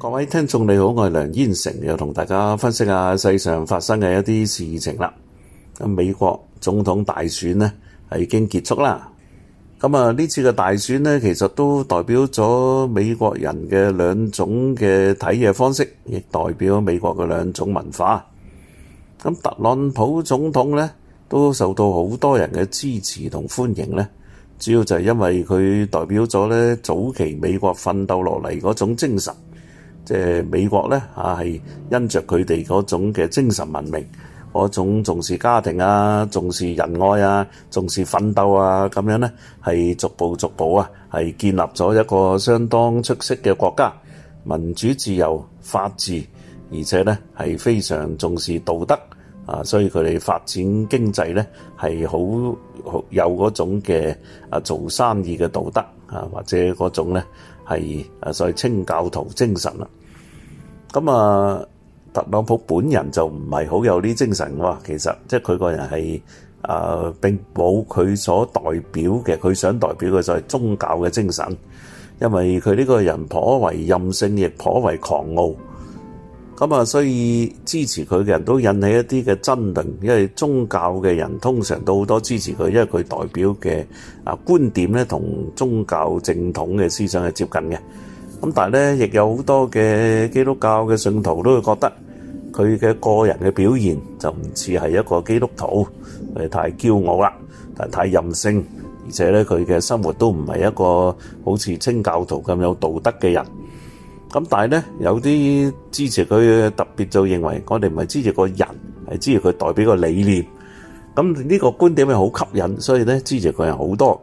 各位聽眾你好，我係梁燕成，又同大家分析下世上發生嘅一啲事情啦。美國總統大選呢，係已經結束啦。咁啊，呢次嘅大選呢，其實都代表咗美國人嘅兩種嘅睇嘢方式，亦代表咗美國嘅兩種文化。咁特朗普總統呢，都受到好多人嘅支持同歡迎呢，主要就係因為佢代表咗呢早期美國奮鬥落嚟嗰種精神。即係美國咧嚇，係因着佢哋嗰種嘅精神文明，嗰種重視家庭啊、重視仁愛啊、重視奮鬥啊咁樣咧，係逐步逐步啊，係建立咗一個相當出色嘅國家，民主自由法治，而且咧係非常重視道德啊，所以佢哋發展經濟咧係好好有嗰種嘅啊做生意嘅道德啊，或者嗰種咧係啊所謂清教徒精神啊。咁啊，特朗普本人就唔係好有啲精神嘅，其實即係佢個人係誒、呃、並冇佢所代表嘅，佢想代表嘅就係宗教嘅精神，因為佢呢個人頗為任性，亦頗為狂傲。咁啊，所以支持佢嘅人都引起一啲嘅爭論，因為宗教嘅人通常都好多支持佢，因為佢代表嘅啊觀點咧同宗教正統嘅思想係接近嘅。咁但係咧，亦有好多嘅基督教嘅信徒都會覺得佢嘅個人嘅表現就唔似係一個基督徒，係太驕傲啦，但係太任性，而且咧佢嘅生活都唔係一個好似清教徒咁有道德嘅人。咁但係咧，有啲支持佢嘅特別就認為我哋唔係支持個人，係支持佢代表個理念。咁呢個觀點係好吸引，所以咧支持佢係好多。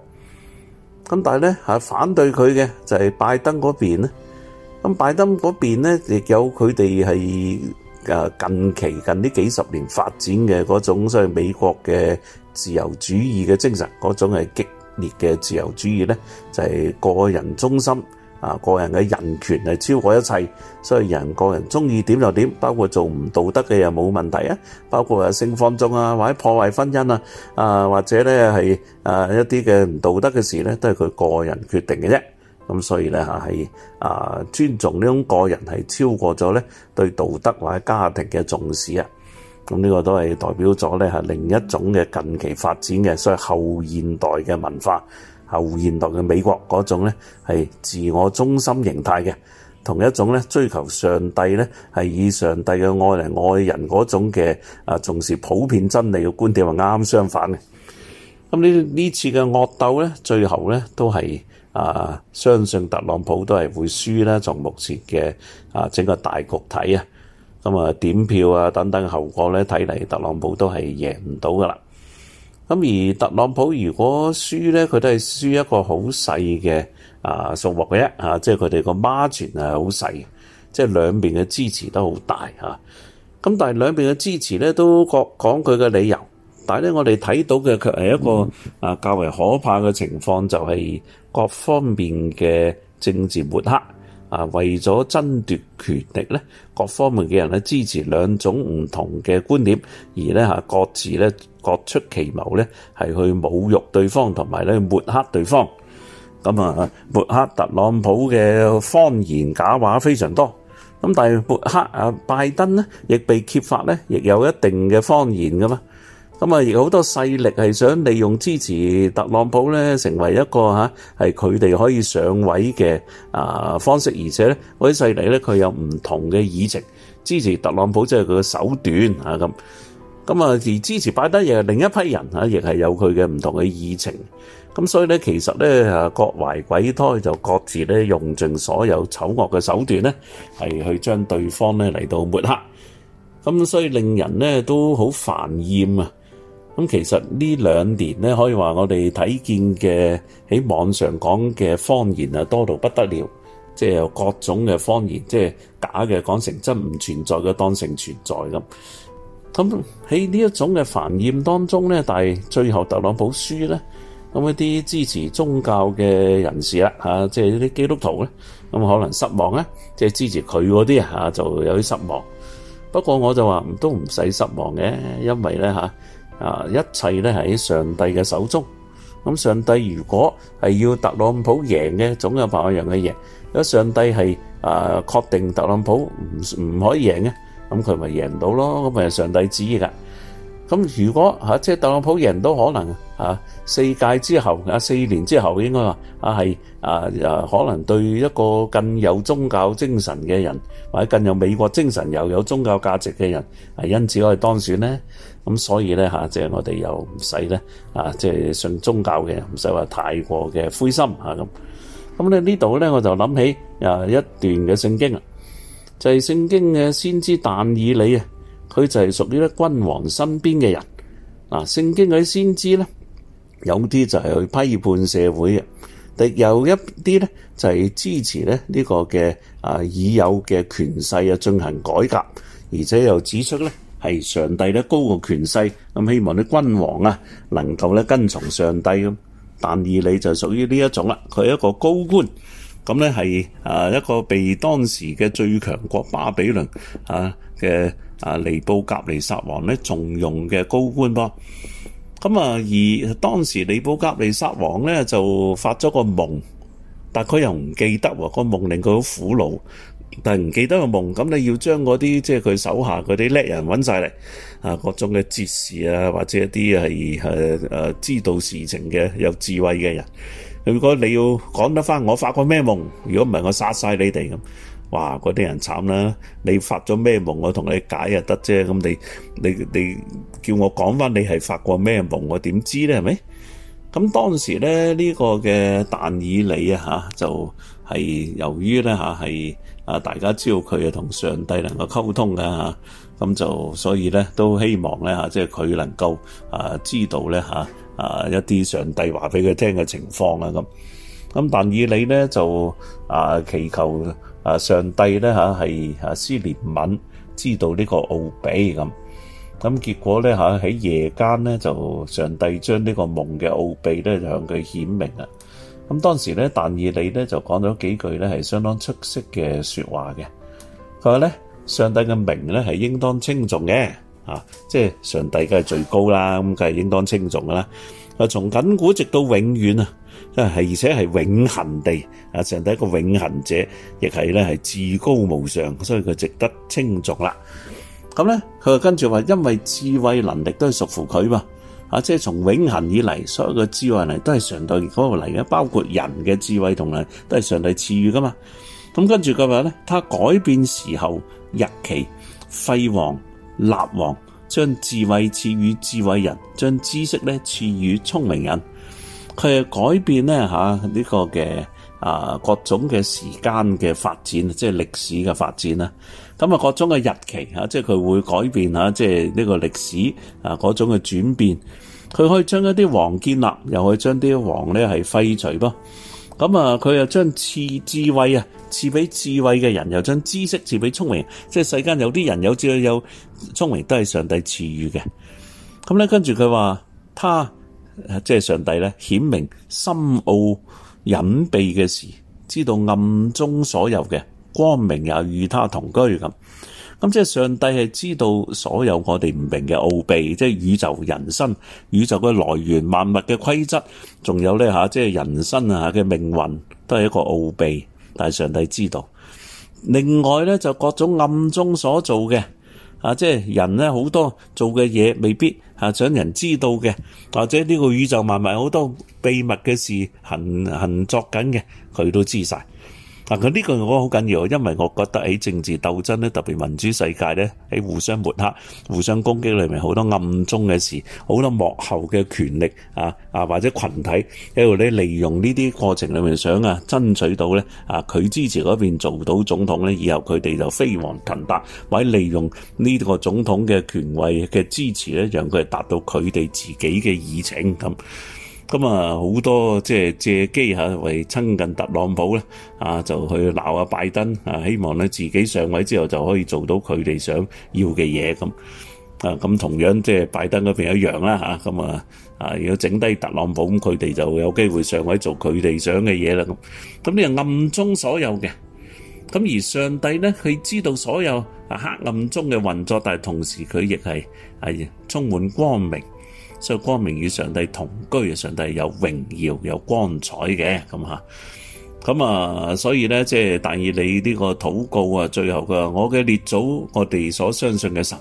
咁但係咧，反對佢嘅就係拜登嗰邊咧，咁拜登嗰邊呢，亦有佢哋係近期近呢幾十年發展嘅嗰種，所以美國嘅自由主義嘅精神，嗰種係激烈嘅自由主義呢，就係個人中心。啊，個人嘅人權係超過一切，所以人個人鍾意點就點，包括做唔道德嘅又冇問題啊，包括話性放縱啊，或者破壞婚姻啊，啊或者咧係、啊、一啲嘅唔道德嘅事咧，都係佢個人決定嘅啫。咁所以咧嚇係啊尊重呢種個人係超過咗咧對道德或者家庭嘅重視啊。咁呢個都係代表咗咧係另一種嘅近期發展嘅，所謂後現代嘅文化。後現代嘅美國嗰種咧係自我中心形態嘅，同一種咧追求上帝咧係以上帝嘅愛嚟愛人嗰種嘅啊重視普遍真理嘅觀點，係啱相反嘅。咁呢呢次嘅惡鬥咧，最後咧都係啊相信特朗普都係會輸啦。從目前嘅啊整個大局睇啊，咁啊點票啊等等嘅後果咧，睇嚟特朗普都係贏唔到噶啦。咁而特朗普如果輸咧，佢都係輸一個好細嘅啊數目嘅啫，啊，即係佢哋個 margin 係好細，即係兩邊嘅支持都好大嚇。咁但係兩邊嘅支持咧，都各講佢嘅理由，但係咧我哋睇到嘅卻係一個啊較為可怕嘅情況，就係各方面嘅政治抹黑。啊，為咗爭奪權力咧，各方面嘅人咧支持兩種唔同嘅觀點，而咧嚇各自咧各出奇謀咧，係去侮辱對方同埋咧抹黑對方。咁啊，抹黑特朗普嘅謊言假話非常多。咁但係抹黑啊拜登咧，亦被揭發咧，亦有一定嘅謊言㗎嘛。咁啊，亦好多勢力係想利用支持特朗普咧，成為一個嚇係佢哋可以上位嘅啊方式，而且咧嗰啲勢力咧佢有唔同嘅議程支持特朗普，即係佢嘅手段嚇咁。咁啊，而支持拜登亦係另一批人嚇，亦係有佢嘅唔同嘅議程。咁所以咧，其實咧啊，各懷鬼胎就各自咧用盡所有醜惡嘅手段咧，係去將對方咧嚟到抹黑。咁所以令人咧都好煩厭啊！咁其實呢兩年咧，可以話我哋睇見嘅喺網上講嘅謊言啊，多到不得了。即係各種嘅謊言，即係假嘅講成真，唔存在嘅當成存在咁。咁喺呢一種嘅繁艷當中咧，但係最後特朗普輸咧，咁一啲支持宗教嘅人士啦、啊，即係啲基督徒咧，咁可能失望啊。即係支持佢嗰啲嚇，就有啲失望。不過我就話唔都唔使失望嘅，因為咧嚇啊！一切呢喺上帝嘅手中。咁上帝如果係要特朗普贏嘅，總有辦法讓佢贏。如果上帝係啊確定特朗普唔唔可以贏嘅，咁佢咪贏唔到咯？咁係上帝旨意㗎。咁如果即係特朗普贏都可能啊四屆之後啊四年之後應該話啊係啊啊可能對一個更有宗教精神嘅人或者更有美國精神又有宗教價值嘅人因此可以當選咧咁所以咧嚇即係我哋又唔使咧啊即係信宗教嘅唔使話太過嘅灰心啊咁咁咧呢度咧我就諗起啊一段嘅聖經啊就係、是、聖經嘅先知但以理啊。佢就係屬於咧君王身邊嘅人，嗱、啊，聖經嗰啲先知咧，有啲就係去批判社會嘅，但又一啲咧就係、是、支持咧呢、這個嘅啊已有嘅權勢啊進行改革，而且又指出咧係上帝咧高過權勢，咁、啊、希望啲君王啊能夠咧跟從上帝咁。但以理就屬於呢一種啦，佢係一個高官，咁咧係啊一個被當時嘅最強國巴比倫啊嘅。啊！尼布甲尼撒王咧，重用嘅高官噃。咁啊，而當時尼布甲尼撒王咧，就發咗個夢，但佢又唔記得喎。這個夢令佢好苦惱，但唔記得個夢。咁你要將嗰啲即係佢手下嗰啲叻人揾晒嚟啊，各種嘅哲士啊，或者一啲係誒誒知道事情嘅有智慧嘅人。如果你要講得翻，我發過咩夢？如果唔係，我殺晒你哋咁。哇！嗰啲人慘啦，你發咗咩夢，我同你解又得啫。咁你你你，你叫我講翻你係發過咩夢，我點知咧？係咪？咁當時咧呢、呢個嘅但以理啊，就係、係、由於咧係啊大家知道佢啊同上帝能夠溝通嘅咁、啊、就所以咧都希望咧即係佢能夠啊知道咧啊一啲上帝話俾佢聽嘅情況啊咁。咁但以理咧就啊祈求。啊！上帝咧嚇係嚇施列文知道呢個奧秘咁，咁結果咧嚇喺夜間咧就上帝將呢個夢嘅奧秘咧向佢顯明啊！咁當時咧但以理咧就講咗幾句咧係相當出色嘅説話嘅。佢話咧上帝嘅名咧係應當稱頌嘅啊！即係上帝梗係最高啦，咁梗係應當稱頌啦。從亙古直到永遠啊！啊，係而且係永恆地啊，上帝一個永恆者，亦係咧係至高無上，所以佢值得稱頌啦。咁咧，佢就跟住話，因為智慧能力都係屬乎佢嘛，啊，即係從永恆以嚟，所有嘅智慧能力都係上帝嗰度嚟嘅，包括人嘅智慧同埋都係上帝賜予噶嘛。咁跟住佢話咧，他改變時候日期，廢王、立王，將智慧賜予智慧人，將知識咧賜予聰明人。佢係改變咧吓呢個嘅啊各種嘅時間嘅發展，即係歷史嘅發展啦。咁啊各種嘅日期啊，即係佢會改變吓，即係呢個歷史啊種嘅轉變。佢可以將一啲王建立，又可以將啲王咧係廢除噃。咁啊，佢又將賜智慧啊，賜俾智慧嘅人，又將知識賜俾聰明。即係世間有啲人有智慧，有聰明都係上帝賜予嘅。咁咧，跟住佢話他。他即係上帝咧，顯明深奧隱秘嘅事，知道暗中所有嘅，光明又與他同居咁。咁即係上帝係知道所有我哋唔明嘅奧秘，即係宇宙人生、宇宙嘅來源、萬物嘅規則，仲有咧吓，即係人生啊嘅命運，都係一個奧秘，但係上帝知道。另外咧，就各種暗中所做嘅。啊！即係人咧，好多做嘅嘢未必啊，想人知道嘅，或者呢個宇宙萬物好多秘密嘅事行，行行作緊嘅，佢都知晒。嗱，佢呢個我覺得好緊要，因為我覺得喺政治鬥爭咧，特別民主世界咧，喺互相抹黑、互相攻擊裏面，好多暗中嘅事，好多幕後嘅權力啊啊，或者群體喺度咧利用呢啲過程裏面，想啊爭取到咧啊佢支持嗰邊做到總統咧，以後佢哋就飛黃騰達，或者利用呢個總統嘅權位嘅支持咧，讓佢達到佢哋自己嘅議程咁。咁啊，好多即係借機嚇為親近特朗普咧，啊就去鬧下拜登，啊希望咧自己上位之後就可以做到佢哋想要嘅嘢咁。啊咁同樣即係拜登嗰邊一樣啦嚇。咁啊啊如果整低特朗普，佢哋就有機會上位做佢哋想嘅嘢啦咁。咁呢個暗中所有嘅，咁而上帝咧佢知道所有黑暗中嘅運作，但係同時佢亦係係充滿光明，所以光明與上帝同居，上帝有榮耀有光彩嘅，咁吓，咁啊，所以咧，即係但以理呢個禱告啊，最後嘅我嘅列祖，我哋所相信嘅神，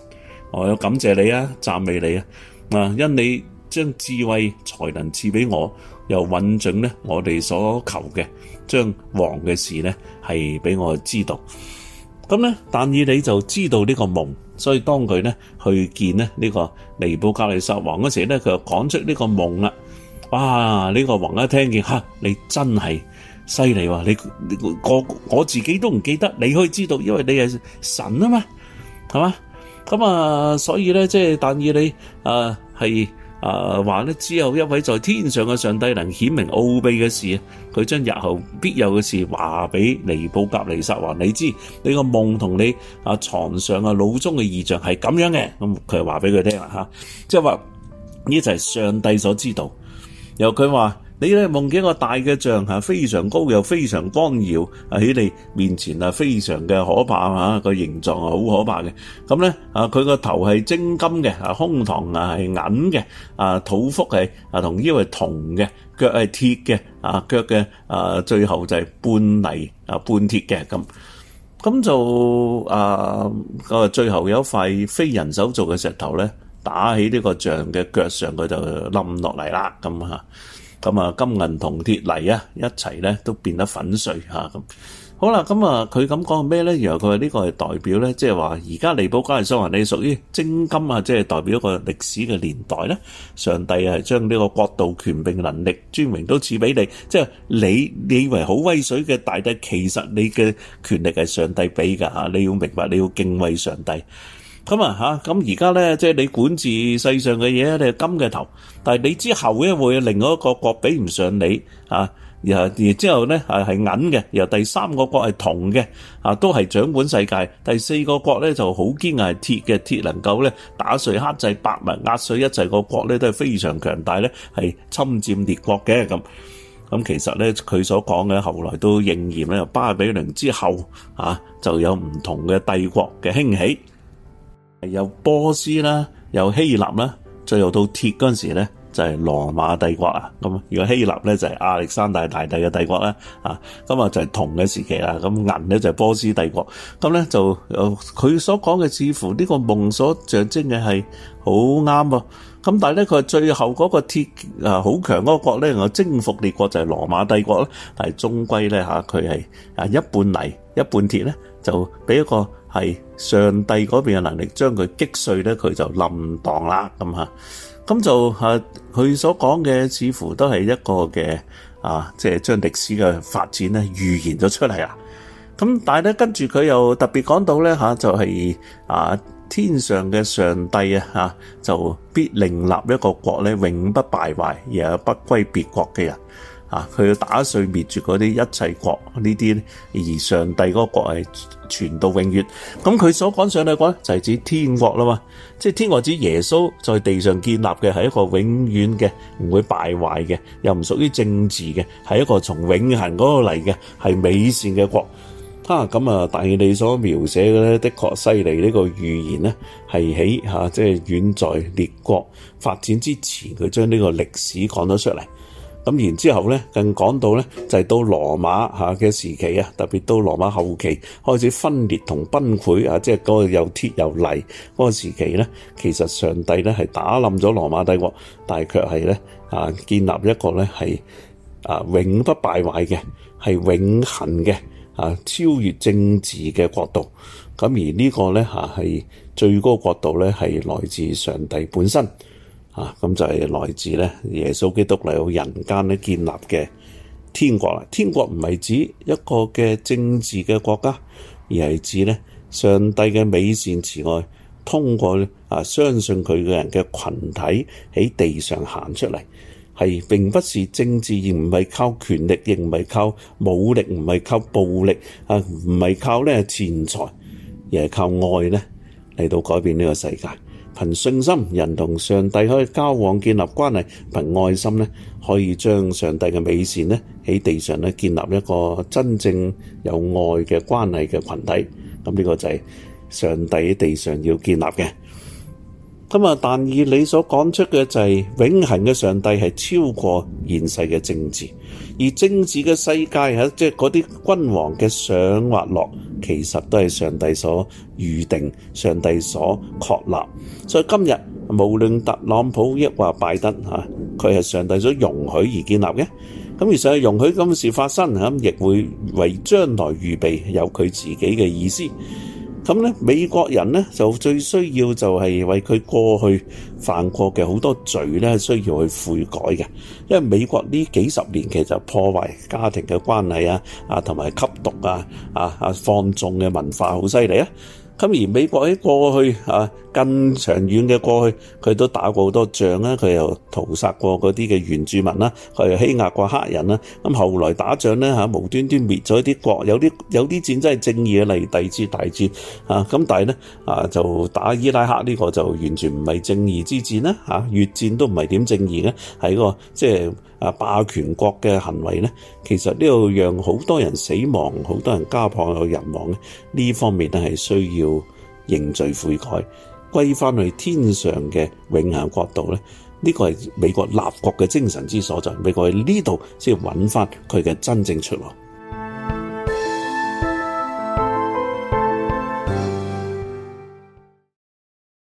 我要感謝你啊，讚美你啊，啊，因你將智慧才能賜俾我，又允准咧我哋所求嘅，將王嘅事咧係俾我知道。咁咧，但以理就知道呢個夢。所以當佢咧去見咧呢個尼布甲尼撒王嗰時咧，佢就講出呢個夢啦。哇！呢、這個王一聽見吓、啊、你真係犀利喎！你，你我我自己都唔記得，你可以知道，因為你係神啊嘛，係嘛？咁、嗯、啊，所以咧即係但以理啊係。啊、呃，話咧只有一位在天上嘅上帝能顯明奧秘嘅事啊，佢將日後必有嘅事話俾尼布甲尼撒話，你知你個夢同你啊床上的的的、嗯、啊腦中嘅異象係咁樣嘅，咁佢就話俾佢聽啦吓，即係話呢就係上帝所知道，然後佢話。你咧，夢見個大嘅像吓，非常高又非常光耀喺你面前啊，非常嘅可怕吓，個形狀好可怕嘅。咁咧啊，佢個頭係精金嘅，啊胸膛啊係銀嘅，啊肚腹係啊同腰係銅嘅，腳係鐵嘅，啊腳嘅啊，啊最後就係半泥啊半鐵嘅咁。咁就啊個最後有一塊非人手做嘅石頭咧，打喺呢個像嘅腳上，佢就冧落嚟啦咁吓。咁啊，金銀銅鐵泥啊，一齊咧都變得粉碎吓咁好啦。咁啊，佢咁講係咩咧？然後佢話呢個係代表咧，即係話而家尼布甲尼撒王，你屬於精金啊，即係代表一個歷史嘅年代咧。上帝係將呢個國度權柄能力尊榮都賜俾你，即係你你以為好威水嘅大帝，其實你嘅權力係上帝俾噶吓，你要明白，你要敬畏上帝。咁啊嚇！咁而家咧，即係你管治世上嘅嘢，你係金嘅頭。但係你之後咧，會另外一個國比唔上你啊！然後然之後咧，係銀嘅，然後第三個國係銅嘅，啊都係掌管世界。第四個國咧就好堅硬，係鐵嘅，鐵能夠咧打碎剋制百物，壓碎一切，個國咧都係非常強大咧，係侵佔列國嘅咁。咁其實咧，佢所講嘅後來都應驗啦。巴比倫之後啊，就有唔同嘅帝國嘅興起。由波斯啦，由希臘啦，最後到鐵嗰陣時咧，就係羅馬帝國啊。咁如果希臘咧就係亞歷山大大帝嘅帝國啦。啊，咁啊就係銅嘅時期啦。咁銀咧就係波斯帝國，咁咧就誒，佢所講嘅似乎呢個夢所象徵嘅係好啱喎。咁但係咧佢係最後嗰個鐵好強嗰個國咧，然後征服列國就係羅馬帝國啦。但係終歸咧吓，佢係啊一半泥。一半鐵咧，就俾一個係上帝嗰邊嘅能力將佢擊碎咧，佢就冧蕩啦咁嚇。咁就嚇佢所講嘅似乎都係一個嘅啊，即係將歷史嘅發展咧預言咗出嚟啦。咁但係咧跟住佢又特別講到咧嚇，就係啊天上嘅上帝啊嚇，就必另立一個國咧，永不敗壞，又不歸別國嘅人。啊！佢要打碎滅絕嗰啲一切國呢啲，而上帝嗰個國係傳到永遠。咁佢所講上帝國咧，就係指天國啦嘛。即係天國指耶穌在地上建立嘅係一個永遠嘅，唔會敗壞嘅，又唔屬於政治嘅，係一個從永恆嗰個嚟嘅，係美善嘅國。哈咁啊！但係你所描寫嘅咧，的確犀利呢個預言咧，係喺吓即係遠在列國發展之前，佢將呢個歷史講咗出嚟。咁然之後咧，更講到咧，就係到羅馬嘅時期啊，特別到羅馬後期開始分裂同崩潰啊，即係嗰個又鐵又泥嗰個時期咧，其實上帝咧係打冧咗羅馬帝國，但係卻係咧啊建立一個咧係啊永不敗壞嘅，係永恆嘅啊超越政治嘅國度。咁而呢個咧係最高國度咧係來自上帝本身。啊，咁就係來自咧耶穌基督嚟到人間咧建立嘅天國啦。天國唔係指一個嘅政治嘅國家，而係指咧上帝嘅美善慈愛，通過啊相信佢嘅人嘅群體喺地上行出嚟，係並不是政治，而唔係靠權力，亦唔係靠武力，唔係靠暴力，啊唔係靠咧錢財，而係靠愛咧嚟到改變呢個世界。憑信心，人同上帝可以交往建立關係，憑愛心呢，可以將上帝嘅美善呢，喺地上建立一個真正有愛嘅關係嘅群體。咁呢個就係上帝喺地上要建立嘅。咁啊！但以你所講出嘅就係、是、永恆嘅上帝係超過現世嘅政治，而政治嘅世界，即係嗰啲君王嘅上或落，其實都係上帝所預定、上帝所確立。所以今日無論特朗普抑或拜登，佢係上帝所容許而建立嘅。咁而上係容許今時發生，亦會為將來預備有佢自己嘅意思。咁咧，美國人咧就最需要就係為佢過去犯過嘅好多罪咧，需要去悔改嘅。因為美國呢幾十年其實破壞家庭嘅關係啊，啊同埋吸毒啊，啊啊放縱嘅文化好犀利啊。咁而美國喺過去啊。更長遠嘅過去，佢都打過好多仗啊！佢又屠殺過嗰啲嘅原住民啦，佢又欺壓過黑人啦。咁後來打仗咧嚇，無端端滅咗一啲國，有啲有啲戰真係正義嘅，例如第二次大戰啊。咁但係咧啊，就打伊拉克呢個就完全唔係正義之戰啦嚇。越戰都唔係點正義嘅，係一個即係啊霸權國嘅行為咧。其實呢度讓好多人死亡，好多人家破又人亡咧。呢方面都係需要認罪悔改。歸返去天上嘅永恆國度咧，呢、這個係美國立國嘅精神之所在。美國喺呢度先揾返佢嘅真正出路。